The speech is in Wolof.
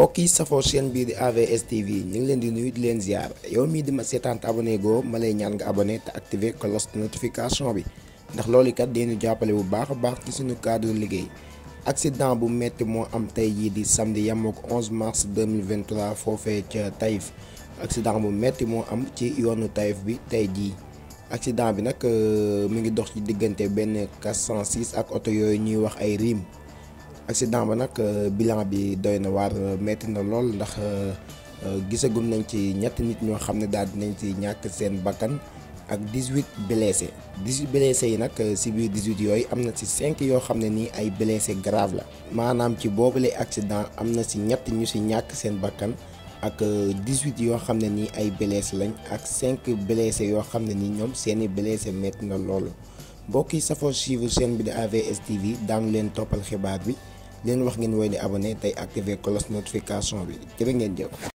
mbokk yi safoo chaîne bii di AVS TV ñu ngi leen di nuyu di leen ziar yow mii di ma seetaan te abonné goo ma lay ñaan nga abonné te activé cloche de notification bi ndax loolu kat dinañu jàppale bu baax a baax ci suñu cadre liggéey accident bu metti moo am tey jii di samedi yemook 11 mars 2023 foofee ca Taïf accident bu metti moo am ci yoonu Taïf bi tey jii accident bi nag euh, mu ngi dox ci diggante benn 406 ak oto yooyu ñuy wax ay riim accident ba nag euh, bilan bi doy na waar euh, metti na lool ndax euh, gisagum nañ ci ñetti nit ñoo xam ne daal nañ ci ñàkk seen bakkan ak 18 blessés 18 blessés yi nag si biir 18 yooyu am na si 5 yoo xam ne nii ay blessés grave la maanaam ci boobule accident am na si ñett ñu si ñàkk seen bakkan ak 18 yoo xam ne nii ay blessés lañ ak 5 blessés yoo xam ne nii ñoom seeni blessés metti na loolu mbokk yi safoo suivre chaîne bi di AVS TV daanu leen toppal xibaar bi leen wax ngeen woy di abonné tey activer cloche notification bi jërë ngeen jëf